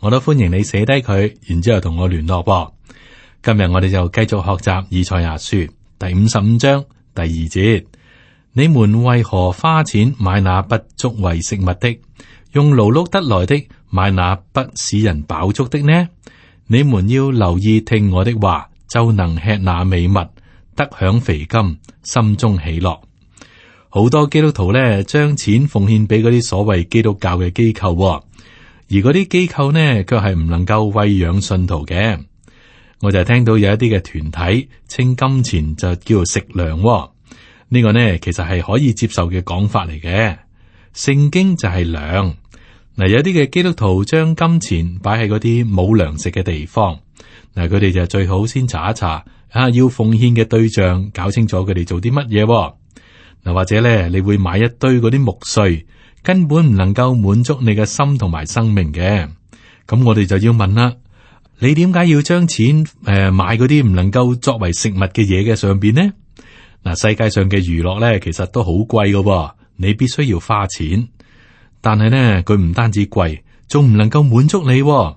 我都歡迎你寫低佢，然之後同我聯絡喎。今日我哋就繼續學習《以賽亞書》第五十五章第二節：你們為何花錢買那不足為食物的，用勞碌得來的買那不使人飽足的呢？你們要留意聽我的話，就能吃那美物，得享肥甘，心中喜樂。好多基督徒呢，將錢奉獻俾嗰啲所謂基督教嘅機構，哦。而嗰啲機構呢，卻係唔能夠餵養信徒嘅。我就聽到有一啲嘅團體稱金錢就叫做食糧、喎，呢、這個呢其實係可以接受嘅講法嚟嘅。聖經就係糧。嗱，有啲嘅基督徒將金錢擺喺嗰啲冇糧食嘅地方，嗱，佢哋就最好先查一查，啊要奉獻嘅對象搞清楚佢哋做啲乜嘢喎。嗱，或者呢，你會買一堆嗰啲木碎，根本唔能夠滿足你嘅心同埋生命嘅，咁我哋就要問啦：你點解要將錢誒、呃、買嗰啲唔能夠作為食物嘅嘢嘅上邊呢？嗱，世界上嘅娛樂咧，其實都好貴㗎，你必須要花錢。但係呢，佢唔單止貴，仲唔能夠滿足你、喎。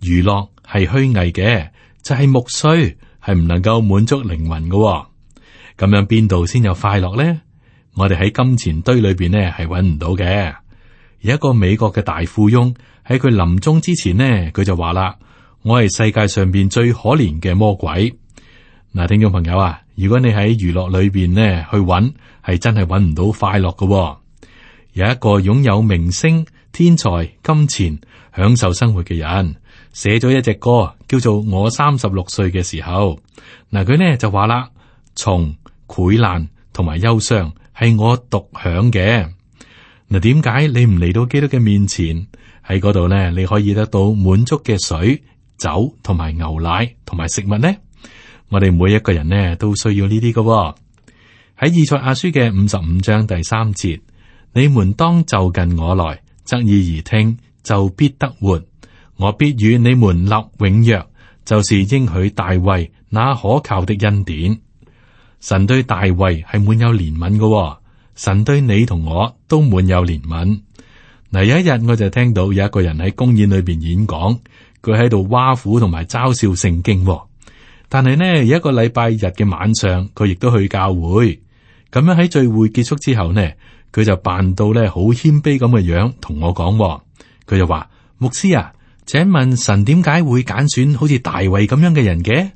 娛樂係虛偽嘅，就係、是、木碎，係唔能夠滿足靈魂㗎、喎。咁樣邊度先有快樂咧？我哋喺金錢堆裏邊呢係揾唔到嘅。有一個美國嘅大富翁喺佢臨終之前呢，佢就話啦：我係世界上邊最可憐嘅魔鬼。嗱，聽眾朋友啊，如果你喺娛樂裏邊呢去揾，係真係揾唔到快樂嘅哦。有一個擁有明星、天才、金錢，享受生活嘅人，寫咗一隻歌叫做《我三十六歲嘅時候》。嗱，佢呢就話啦：從潰難同埋憂傷。係我獨享嘅嗱，點解你唔嚟到基督嘅面前喺嗰度呢，你可以得到滿足嘅水、酒同埋牛奶同埋食物呢。我哋每一個人呢，都需要呢啲㗎喎。喺以賽亞書嘅五十五章第三節，你們當就近我來，側耳而聽，就必得活。我必與你們立永約，就是應許大衛那可靠的恩典。神對大衛係滿有憐憫嘅，哦，神對你同我都滿有憐憫。嗱，有一日我就聽到有一個人喺公園裏邊演講，佢喺度挖苦同埋嘲笑聖經，哦。但係呢，有一個禮拜日嘅晚上，佢亦都去教會。咁樣喺聚會結束之後呢，佢就扮到呢好謙卑咁嘅樣同我講，哦，佢就話牧師啊，請問神點解會揀選好似大衛咁樣嘅人嘅？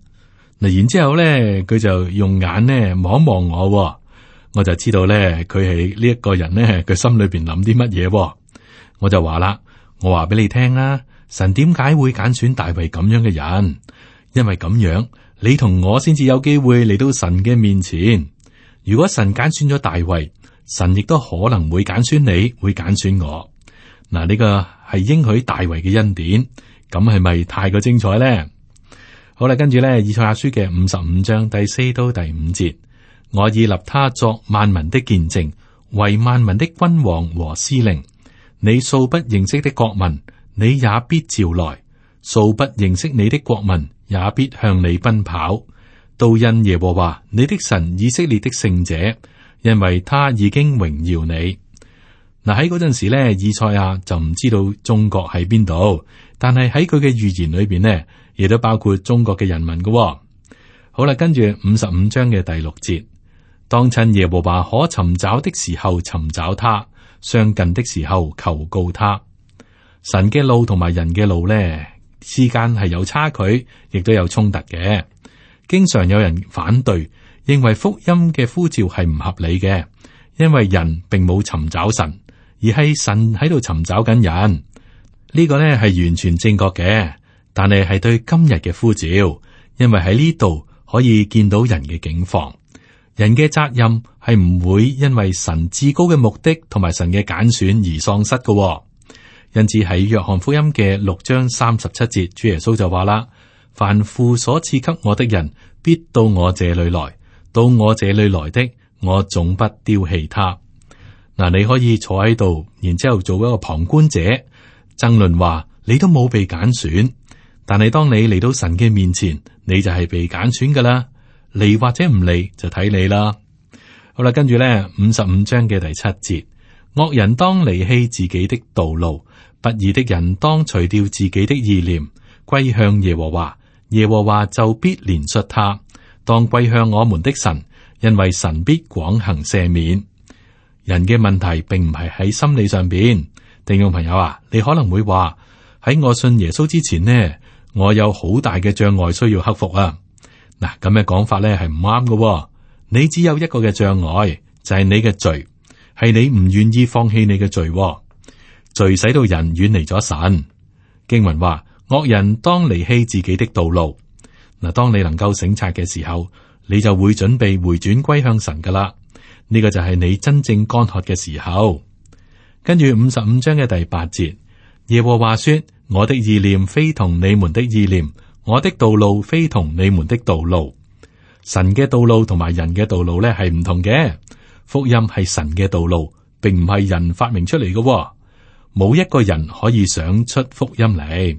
嗱，然之後咧，佢就用眼咧望一望我，哦，我就知道咧，佢係呢一個人咧，佢心裏邊諗啲乜嘢。我就話啦，我話俾你聽啦，神點解會揀選大衛咁樣嘅人？因為咁樣，你同我先至有機會嚟到神嘅面前。如果神揀選咗大衛，神亦都可能會揀選你，會揀選我。嗱，呢個係應許大衛嘅恩典，咁係咪太過精彩咧？好啦，跟住咧，以賽亞書嘅五十五章第四到第五節，我已立他作萬民的見證，為萬民的君王和司令。你素不認識的國民，你也必召來；素不認識你的國民，也必向你奔跑。都因耶和華，你的神以色列的聖者，因為他已經榮耀你。嗱、呃，喺嗰陣時呢，以賽亞就唔知道中國喺邊度，但係喺佢嘅預言裏邊呢。亦都包括中國嘅人民嘅、哦。好啦，跟住五十五章嘅第六節，當趁耶和華可尋找的時候尋找他，相近的時候求告他。神嘅路同埋人嘅路呢，之間係有差距，亦都有衝突嘅。經常有人反對，認為福音嘅呼召係唔合理嘅，因為人並冇尋找神，而係神喺度尋找緊人。呢、這個呢係完全正確嘅。但係係對今日嘅呼召，因為喺呢度可以見到人嘅境況，人嘅責任係唔會因為神至高嘅目的同埋神嘅揀選而喪失嘅、哦。因此喺約翰福音嘅六章三十七節，主耶穌就話啦：凡父所賜給我的人，必到我這裏來；到我這裏來的，我總不丟棄他。嗱、啊，你可以坐喺度，然之後做一個旁觀者，爭論話你都冇被揀選。但係，當你嚟到神嘅面前，你就係被揀選噶啦。嚟或者唔嚟就睇你啦。好啦，跟住咧，五十五章嘅第七節，惡人當離棄自己的道路，不義的人當除掉自己的意念，歸向耶和華。耶和華就必憐恤他。當歸向我們的神，因為神必廣行赦免。人嘅問題並唔係喺心理上邊。弟兄朋友啊，你可能會話喺我信耶穌之前呢。我有好大嘅障礙需要克服啊！嗱，咁嘅講法咧係唔啱嘅。你只有一個嘅障礙，就係、是、你嘅罪，係你唔願意放棄你嘅罪、哦。罪使到人遠離咗神。經文話：惡人當離棄自己的道路。嗱，當你能夠省察嘅時候，你就會準備回轉歸向神噶啦。呢、這個就係你真正乾渴嘅時候。跟住五十五章嘅第八節，耶和華說。我的意念非同你們的意念，我的道路非同你們的道路。神嘅道路同埋人嘅道路咧係唔同嘅。福音係神嘅道路，並唔係人發明出嚟嘅，冇一個人可以想出福音嚟。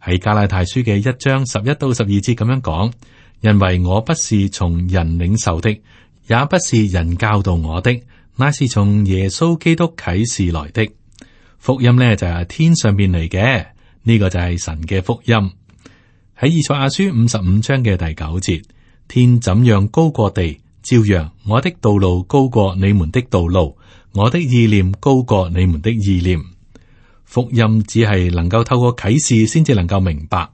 係加拉太書嘅一章十一到十二節咁樣講，因為我不是從人領受的，也不是人教導我的，乃是從耶穌基督啟示來的。福音咧就係、是、天上邊嚟嘅。呢個就係神嘅福音，喺以賽亞書五十五章嘅第九節，天怎樣高過地，照樣我的道路高過你們的道路，我的意念高過你們的意念。福音只係能夠透過啟示先至能夠明白，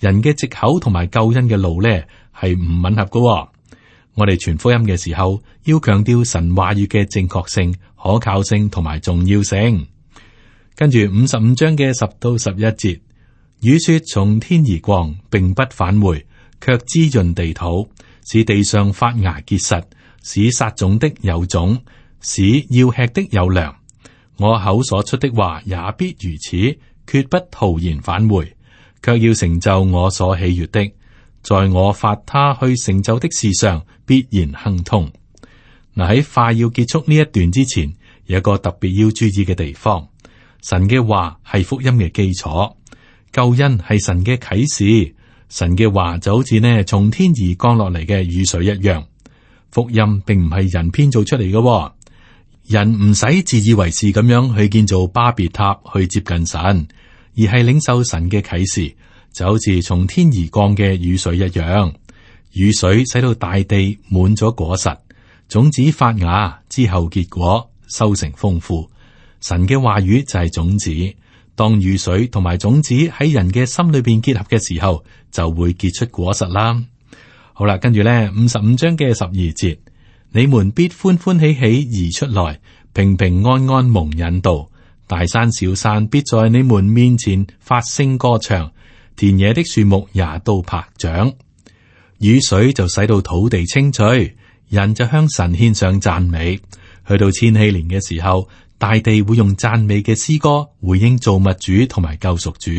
人嘅藉口同埋救恩嘅路呢係唔吻合嘅。哦。我哋傳福音嘅時候，要強調神話語嘅正確性、可靠性同埋重要性。跟住五十五章嘅十到十一節，雨雪從天而降，並不返回，卻滋潤地土，使地上發芽結實，使撒種的有種，使要吃的有糧。我口所出的話也必如此，決不徒然返回，卻要成就我所喜悅的。在我發他去成就的事上，必然亨通。嗱，喺快要結束呢一段之前，有個特別要注意嘅地方。神嘅話係福音嘅基礎，救恩係神嘅啟示。神嘅話就好似呢從天而降落嚟嘅雨水一樣，福音並唔係人編造出嚟嘅。哦，人唔使自以為是咁樣去建造巴別塔去接近神，而係領受神嘅啟示，就好似從天而降嘅雨水一樣，雨水使到大地滿咗果實，種子發芽之後結果，收成豐富。神嘅話語就係種子，當雨水同埋種子喺人嘅心裏邊結合嘅時候，就會結出果實啦。好啦，跟住呢，五十五章嘅十二節，你們必歡歡喜喜而出來，平平安安蒙引導。大山小山必在你們面前發聲歌唱，田野的樹木也都拍掌，雨水就使到土地青翠，人就向神獻上讚美。去到千禧年嘅時候。大地會用讚美嘅詩歌回應造物主同埋救贖主。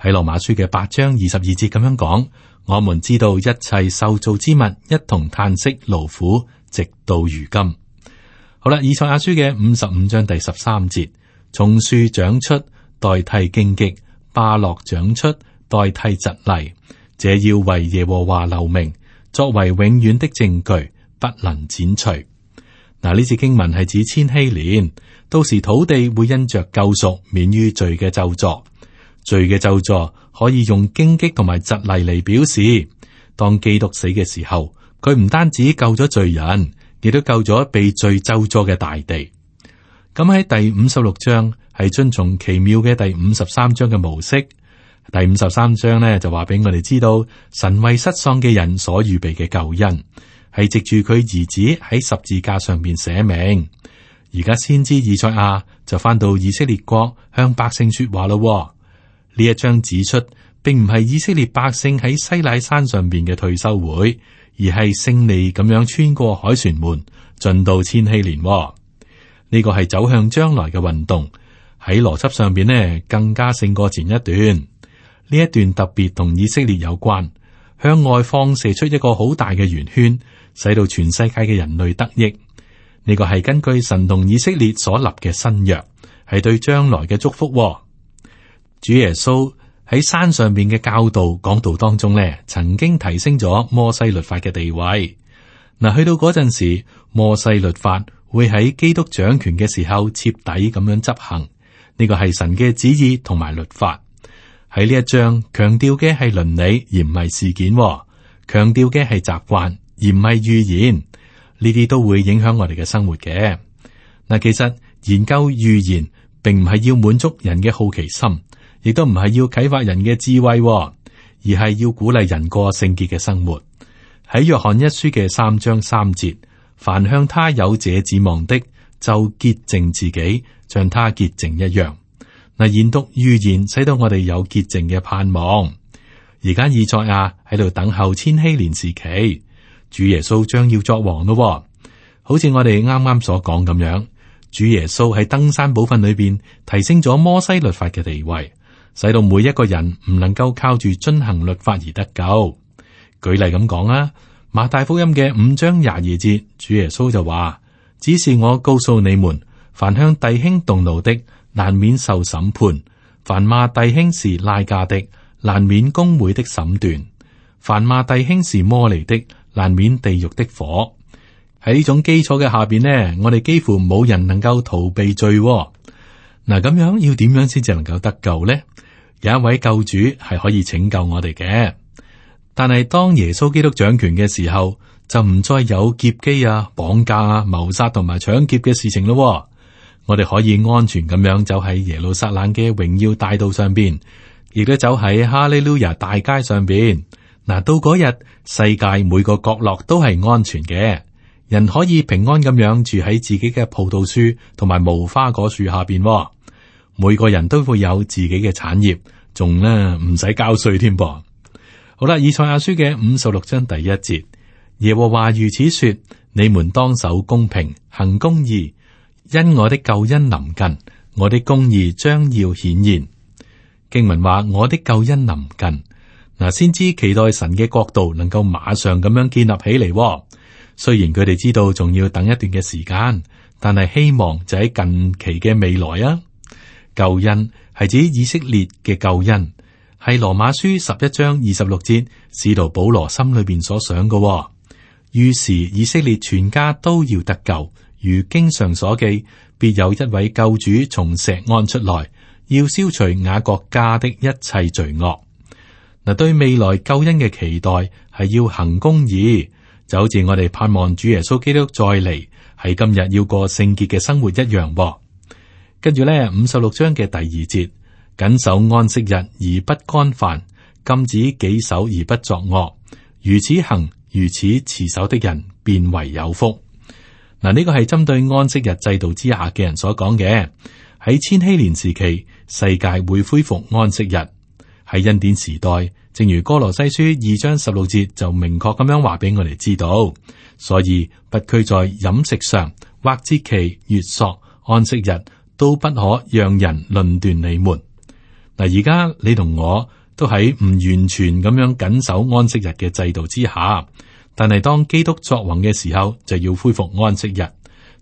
喺羅馬書嘅八章二十二節咁樣講，我們知道一切受造之物一同嘆息勞苦，直到如今。好啦，以賽亞書嘅五十五章第十三節，從樹長出代替荊棘，巴洛長出代替蒺藜，這要為耶和華留名，作為永遠的證據，不能剪除。嗱、啊，呢節經文係指千禧年。到時土地會因着救贖免於罪嘅咒詛，罪嘅咒詛可以用荊棘同埋蒺藜嚟表示。當基督死嘅時候，佢唔單止救咗罪人，亦都救咗被罪咒詛嘅大地。咁喺第五十六章係遵從奇妙嘅第五十三章嘅模式。第五十三章呢，就話俾我哋知道，神為失喪嘅人所預備嘅救恩，係藉住佢兒子喺十字架上面寫明。而家先知以賽亞就翻到以色列國向百姓說話咯、哦。呢一章指出，並唔係以色列百姓喺西奈山上邊嘅退休會，而係勝利咁樣穿過凱旋門，進到千禧年、哦。呢、這個係走向將來嘅運動，喺邏輯上邊呢更加勝過前一段。呢一段特別同以色列有關，向外放射出一個好大嘅圓圈，使到全世界嘅人類得益。呢個係根據神同以色列所立嘅新約，係對將來嘅祝福、哦。主耶穌喺山上邊嘅教導講道當中咧，曾經提升咗摩西律法嘅地位。嗱，去到嗰陣時，摩西律法會喺基督掌權嘅時候徹底咁樣執行。呢、這個係神嘅旨意同埋律法。喺呢一章強調嘅係倫理，而唔係事件、哦；強調嘅係習慣，而唔係預言。呢啲都會影響我哋嘅生活嘅。嗱，其實研究預言並唔係要滿足人嘅好奇心，亦都唔係要啟發人嘅智慧、哦，而係要鼓勵人過聖潔嘅生活。喺約翰一書嘅三章三節，凡向他有者指望的，就潔淨自己，像他潔淨一樣。嗱，研讀預言，使到我哋有潔淨嘅盼望。而家以賽亞喺度等候千禧年時期。主耶穌將要作王咯，好似我哋啱啱所講咁樣。主耶穌喺登山寶訓裏邊提升咗摩西律法嘅地位，使到每一個人唔能夠靠住遵行律法而得救。舉例咁講啊，馬太福音嘅五章廿二節，主耶穌就話：只是我告訴你們，凡向弟兄動怒的，難免受審判；凡罵弟兄是拉加的，難免公會的審斷；凡罵弟兄是摩尼的，難免地獄的火。喺呢種基礎嘅下邊呢，我哋幾乎冇人能夠逃避罪哦。嗱，咁樣要點樣先至能夠得救呢？有一位救主係可以拯救我哋嘅。但係當耶穌基督掌權嘅時候，就唔再有劫機啊、綁架啊、謀殺同埋搶劫嘅事情咯哦。我哋可以安全咁樣走喺耶路撒冷嘅榮耀大道上邊，亦都走喺哈利路亞大街上邊。嗱，到嗰日，世界每個角落都係安全嘅，人可以平安咁樣住喺自己嘅葡萄樹同埋無花果樹下邊。每個人都會有自己嘅產業，仲咧，唔使交稅添噃。好啦，以賽亞書嘅五十六章第一節，耶和華如此說：你們當守公平，行公義，因我的救恩臨近，我的公義將要顯現。經文話：我的救恩臨近。嗱，先知期待神嘅國度能夠馬上咁樣建立起嚟。哦，雖然佢哋知道仲要等一段嘅時間，但係希望就喺近期嘅未來啊！救恩係指以色列嘅救恩，係羅馬書十一章二十六節使徒保羅心裏邊所想嘅，哦。於是以色列全家都要得救，如經上所記，必有一位救主從錫安出來，要消除雅各家的一切罪惡。嗱，對未來救恩嘅期待係要行公義，就好似我哋盼望主耶穌基督再嚟，喺今日要過聖潔嘅生活一樣。跟住咧，五十六章嘅第二節，謹守安息日而不干犯，禁止己手而不作惡，如此行、如此持守的人，便為有福。嗱，呢個係針對安息日制度之下嘅人所講嘅。喺千禧年時期，世界會恢復安息日。喺恩典時代，正如哥羅西書二章十六節就明確咁樣話俾我哋知道。所以不拘在飲食上或節期、月朔安息日，都不可讓人論斷你們。嗱，而家你同我都喺唔完全咁樣緊守安息日嘅制度之下，但係當基督作王嘅時候就要恢復安息日。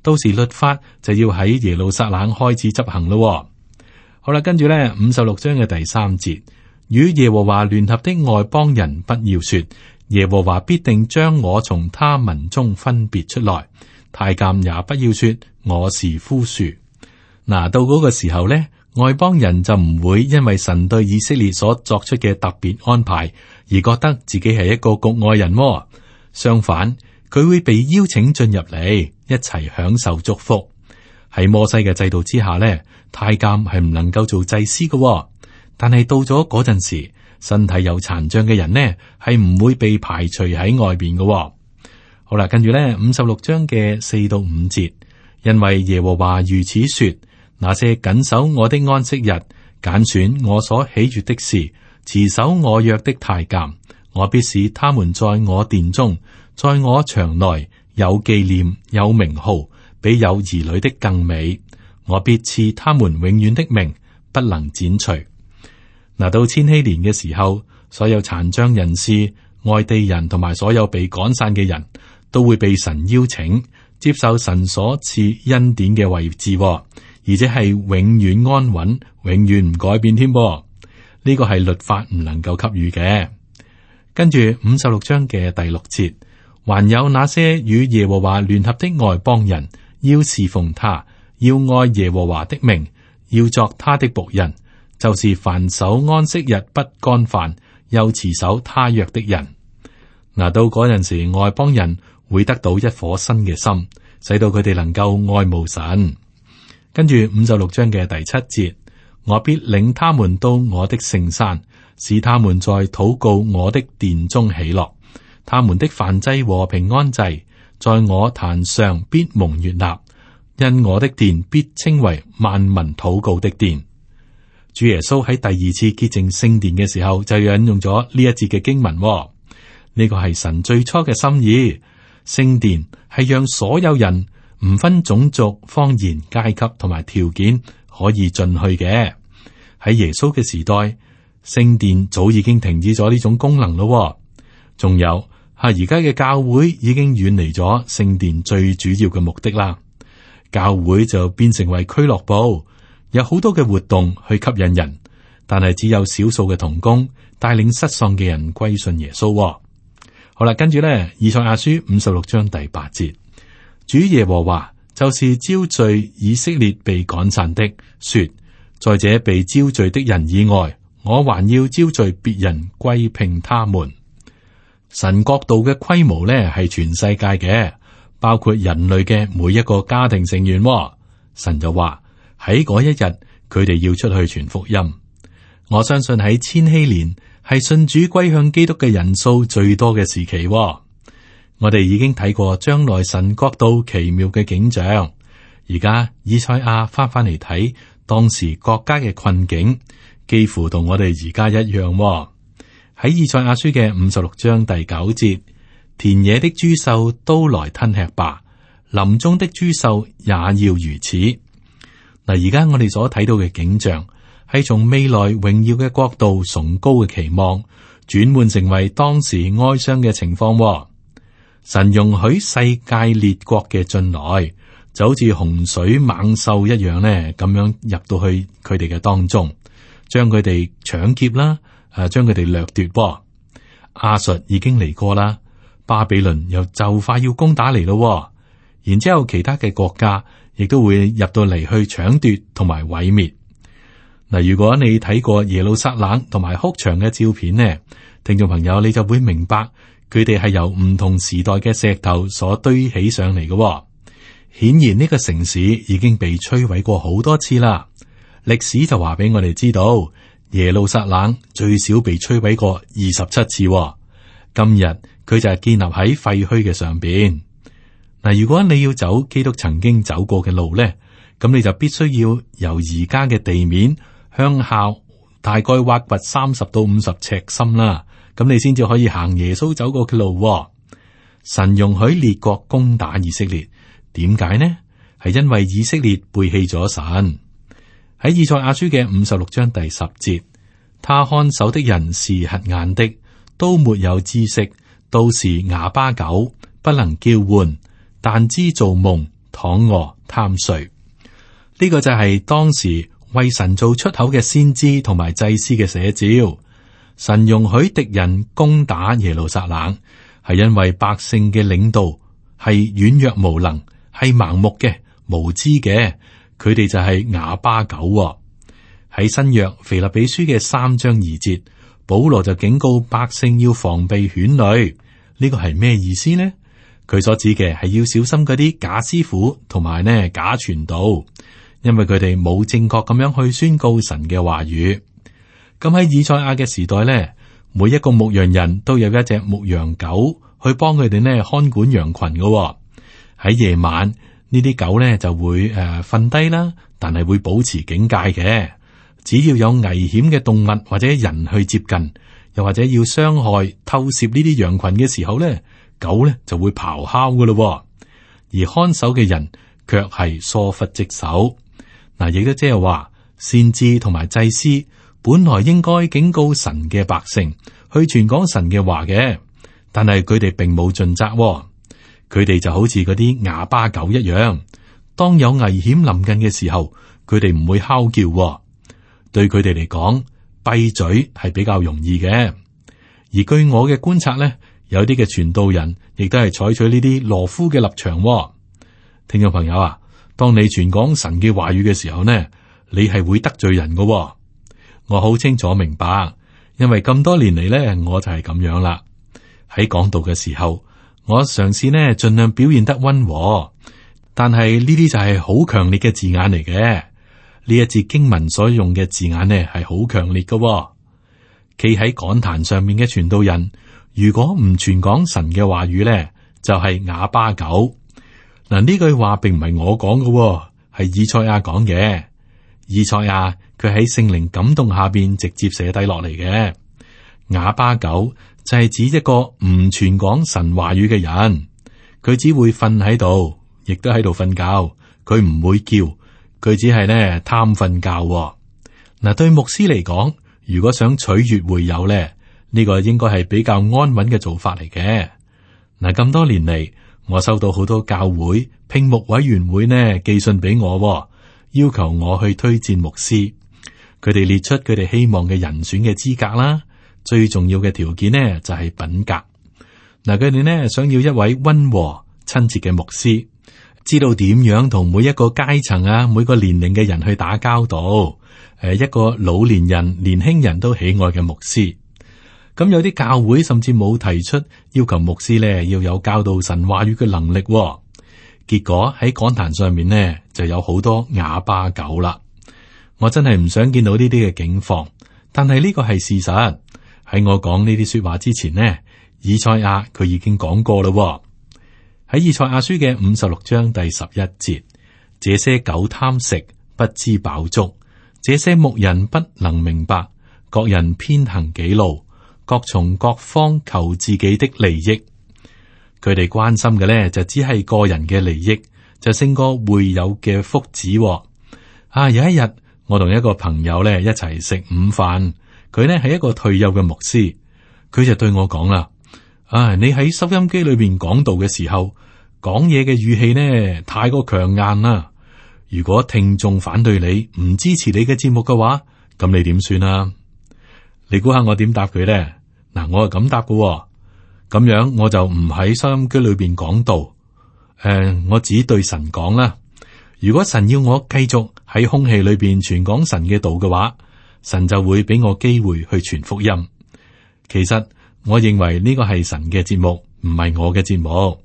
到時律法就要喺耶路撒冷開始執行咯。好啦，跟住呢五十六章嘅第三節。與耶和華聯合的外邦人，不要說耶和華必定將我從他民中分別出來；太監也不要說我是枯樹。嗱，到嗰個時候呢，外邦人就唔會因為神對以色列所作出嘅特別安排而覺得自己係一個局外人咯。相反，佢會被邀請進入嚟，一齊享受祝福。喺摩西嘅制度之下呢，太監係唔能夠做祭司嘅。但係到咗嗰陣時，身體有殘障嘅人呢，係唔會被排除喺外邊嘅，哦。好啦，跟住呢五十六章嘅四到五節，因為耶和華如此說：那些謹守我的安息日，揀選我所喜悅的事，持守我約的太監，我必使他們在我殿中，在我牆內有紀念、有名號，比有兒女的更美。我必賜他們永遠的名，不能剪除。嗱，到千禧年嘅時候，所有殘障人士、外地人同埋所有被趕散嘅人，都會被神邀請接受神所賜恩典嘅位置，而且係永遠安穩、永遠唔改變添噃，呢個係律法唔能夠給予嘅。跟住五十六章嘅第六節，還有那些與耶和華聯合的外邦人，要侍奉他，要愛耶和華的名，要作他的僕人。就是凡守安息日不干犯又持守他約的人，嗱、啊、到嗰陣時，外邦人會得到一顆新嘅心，使到佢哋能夠愛慕神。跟住五十六章嘅第七節，我必領他們到我的聖山，使他們在禱告我的殿中喜樂。他們的燔祭和平安祭在我壇上必蒙悅納，因我的殿必稱為萬民禱告的殿。主耶穌喺第二次潔淨聖殿嘅時候就引用咗呢一節嘅經文、哦，呢、這個係神最初嘅心意。聖殿係讓所有人唔分種族、方言、階級同埋條件可以進去嘅。喺耶穌嘅時代，聖殿早已經停止咗呢種功能咯、哦。仲有，吓而家嘅教會已經遠離咗聖殿最主要嘅目的啦。教會就變成為俱樂部。有好多嘅活動去吸引人，但係只有少數嘅童工帶領失喪嘅人歸信耶穌、哦。好啦，跟住呢，以賽亞書五十六章第八節，主耶和華就是招聚以色列被趕散的，說：再者被招聚的人以外，我還要招聚別人歸併他們。神國度嘅規模呢，係全世界嘅，包括人類嘅每一個家庭成員、哦。神就話。喺嗰一日，佢哋要出去傳福音。我相信喺千禧年係信主歸向基督嘅人數最多嘅時期、哦。我哋已經睇過將來神國度奇妙嘅景象。而家以賽亞翻翻嚟睇當時國家嘅困境，幾乎同我哋而家一樣、哦。喺以賽亞書嘅五十六章第九節，田野的走獸都來吞吃吧，林中的走獸也要如此。嗱，而家我哋所睇到嘅景象，係從未來榮耀嘅國度崇高嘅期望，轉換成為當時哀傷嘅情況、哦。神容許世界列國嘅進來，就好似洪水猛獸一樣呢，咁樣入到去佢哋嘅當中，將佢哋搶劫啦，誒、啊，將佢哋掠奪、哦。亞述已經嚟過啦，巴比倫又就快要攻打嚟咯、哦，然之後其他嘅國家。亦都會入到嚟去搶奪同埋毀滅。嗱，如果你睇過耶路撒冷同埋哭牆嘅照片呢，聽眾朋友你就會明白佢哋係由唔同時代嘅石頭所堆起上嚟嘅喎。顯然呢個城市已經被摧毀過好多次啦。歷史就話俾我哋知道，耶路撒冷最少被摧毀過二十七次喎。今日佢就係建立喺廢墟嘅上邊。嗱，如果你要走基督曾經走過嘅路咧，咁你就必須要由而家嘅地面向下大概挖掘三十到五十尺深啦。咁你先至可以行耶穌走過嘅路。神容許列國攻打以色列，點解呢？係因為以色列背棄咗神。喺以賽亞書嘅五十六章第十節，他看守的人是瞎眼的，都沒有知識，到時啞巴狗，不能叫喚。但知做夢，躺臥貪睡，呢、這個就係當時為神做出口嘅先知同埋祭司嘅寫照。神容許敵人攻打耶路撒冷，係因為百姓嘅領導係軟弱無能，係盲目嘅、無知嘅，佢哋就係啞巴狗、哦。喺新約腓立比書嘅三章二節，保羅就警告百姓要防備犬類。呢、這個係咩意思呢？佢所指嘅係要小心嗰啲假師傅同埋呢假傳道，因為佢哋冇正確咁樣去宣告神嘅話語。咁喺以賽亞嘅時代呢，每一個牧羊人都有一隻牧羊狗去幫佢哋呢看管羊群嘅喎。喺夜晚呢啲狗呢就會誒瞓低啦，但係會保持警戒嘅。只要有危險嘅動物或者人去接近，又或者要傷害、偷竊呢啲羊群嘅時候呢。狗咧就會咆哮噶咯、哦，而看守嘅人卻係疏忽職守。嗱，亦都即係話，先知同埋祭司本來應該警告神嘅百姓去傳講神嘅話嘅，但係佢哋並冇盡責、哦。佢哋就好似嗰啲啞巴狗一樣，當有危險臨近嘅時候，佢哋唔會嚎叫、哦。對佢哋嚟講，閉嘴係比較容易嘅。而據我嘅觀察咧。有啲嘅傳道人亦都係採取呢啲羅夫嘅立場、哦，聽眾朋友啊，當你傳講神嘅話語嘅時候呢，你係會得罪人嘅、哦。我好清楚明白，因為咁多年嚟呢，我就係咁樣啦。喺講道嘅時候，我嘗試呢盡量表現得溫和，但係呢啲就係好強烈嘅字眼嚟嘅。呢一節經文所用嘅字眼呢係好強烈嘅、哦。企喺講壇上面嘅傳道人。如果唔全講神嘅話語咧，就係、是、啞巴狗。嗱，呢句話並唔係我講嘅，係以賽亞講嘅。以賽亞佢喺聖靈感動下邊直接寫低落嚟嘅。啞巴狗就係指一個唔全講神話語嘅人，佢只會瞓喺度，亦都喺度瞓覺，佢唔會叫，佢只係咧貪瞓覺、哦。嗱，對牧師嚟講，如果想取悅會友咧，呢個應該係比較安穩嘅做法嚟嘅。嗱，咁多年嚟，我收到好多教會聘牧委員會呢寄信俾我、哦，要求我去推薦牧師。佢哋列出佢哋希望嘅人選嘅資格啦，最重要嘅條件呢就係、是、品格。嗱，佢哋呢想要一位溫和親切嘅牧師，知道點樣同每一個階層啊，每個年齡嘅人去打交道。誒，一個老年人、年輕人都喜愛嘅牧師。咁有啲教會甚至冇提出要求，牧師呢要有教導神話語嘅能力喎。結果喺講壇上面呢就有好多啞巴狗啦。我真係唔想見到呢啲嘅景況，但係呢個係事實。喺我講呢啲說話之前呢，以賽亞佢已經講過啦喎。喺以賽亞書嘅五十六章第十一節，這些狗貪食，不知飽足；這些牧人不能明白，各人偏行己路。各從各方求自己的利益，佢哋關心嘅咧就只係個人嘅利益，就勝過會友嘅福祉，哦。啊，有一日我同一個朋友咧一齊食午飯，佢咧係一個退休嘅牧師，佢就對我講啦：啊，你喺收音機裏邊講道嘅時候，講嘢嘅語氣呢，太過強硬啦。如果聽眾反對你，唔支持你嘅節目嘅話，咁你點算啊？你估下我點答佢咧？嗱，我係咁答嘅咁、哦、樣，我就唔喺收音機裏邊講道。誒、呃，我只對神講啦。如果神要我繼續喺空氣裏邊傳講神嘅道嘅話，神就會俾我機會去傳福音。其實我認為呢個係神嘅節目，唔係我嘅節目。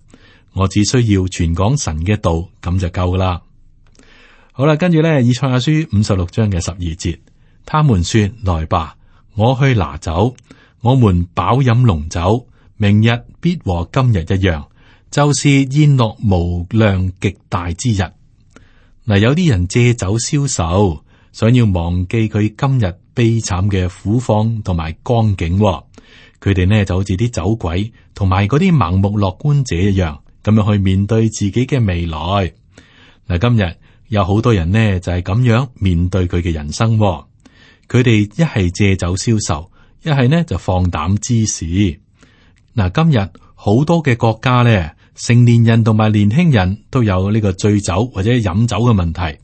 我只需要傳講神嘅道，咁就夠㗎啦。好啦，跟住咧以賽亞書五十六章嘅十二節，他們說：來吧。我去拿酒，我們飽飲濃酒，明日必和今日一樣，就是宴樂無量極大之日。嗱，有啲人借酒消愁，想要忘記佢今日悲慘嘅苦況同埋光景，哦，佢哋呢就好似啲酒鬼同埋嗰啲盲目樂觀者一樣，咁樣去面對自己嘅未來。嗱，今日有好多人呢就係、是、咁樣面對佢嘅人生，哦。佢哋一係借酒消愁，一係呢就放膽滋事。嗱，今日好多嘅國家咧，成年人同埋年輕人都有呢個醉酒或者飲酒嘅問題。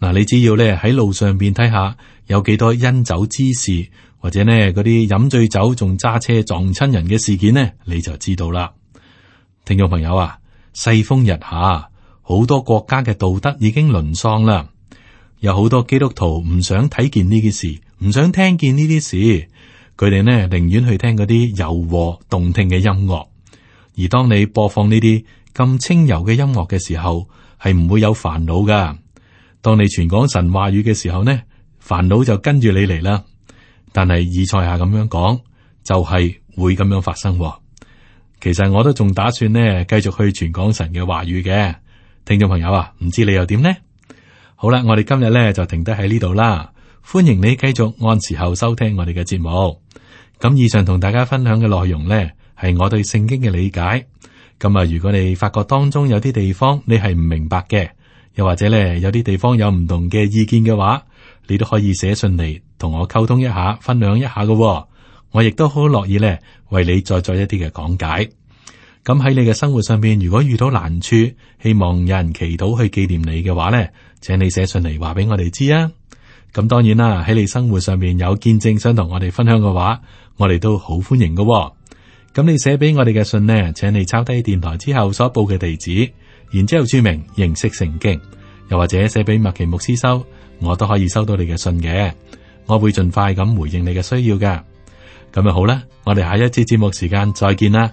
嗱，你只要咧喺路上邊睇下，有幾多因酒滋事，或者呢嗰啲飲醉酒仲揸車撞親人嘅事件呢，你就知道啦。聽眾朋友啊，世風日下，好多國家嘅道德已經淪喪啦。有好多基督徒唔想睇見呢件事，唔想聽見呢啲事，佢哋呢寧願去聽嗰啲柔和動聽嘅音樂。而當你播放呢啲咁輕柔嘅音樂嘅時候，係唔會有煩惱噶。當你傳講神話語嘅時候呢，煩惱就跟住你嚟啦。但係以賽亞咁樣講，就係會咁樣發生。其實我都仲打算呢繼續去傳講神嘅話語嘅，聽眾朋友啊，唔知你又點呢？好啦，我哋今日咧就停低喺呢度啦。歡迎你繼續按時候收聽我哋嘅節目。咁以上同大家分享嘅內容呢，係我對聖經嘅理解。咁啊，如果你發覺當中有啲地方你係唔明白嘅，又或者咧有啲地方有唔同嘅意見嘅話，你都可以寫信嚟同我溝通一下，分享一下㗎喎。我亦都好樂意咧為你再做一啲嘅講解。咁喺你嘅生活上面，如果遇到難處，希望有人祈禱去紀念你嘅話呢，請你寫信嚟，話俾我哋知啊！咁當然啦，喺你生活上面有見證想同我哋分享嘅話，我哋都好歡迎噶、哦。咁你寫俾我哋嘅信呢，請你抄低電台之後所報嘅地址，然之後注明認識聖經，又或者寫俾麥奇牧師收，我都可以收到你嘅信嘅。我會盡快咁回應你嘅需要噶。咁啊好啦，我哋下一節節目時間再見啦。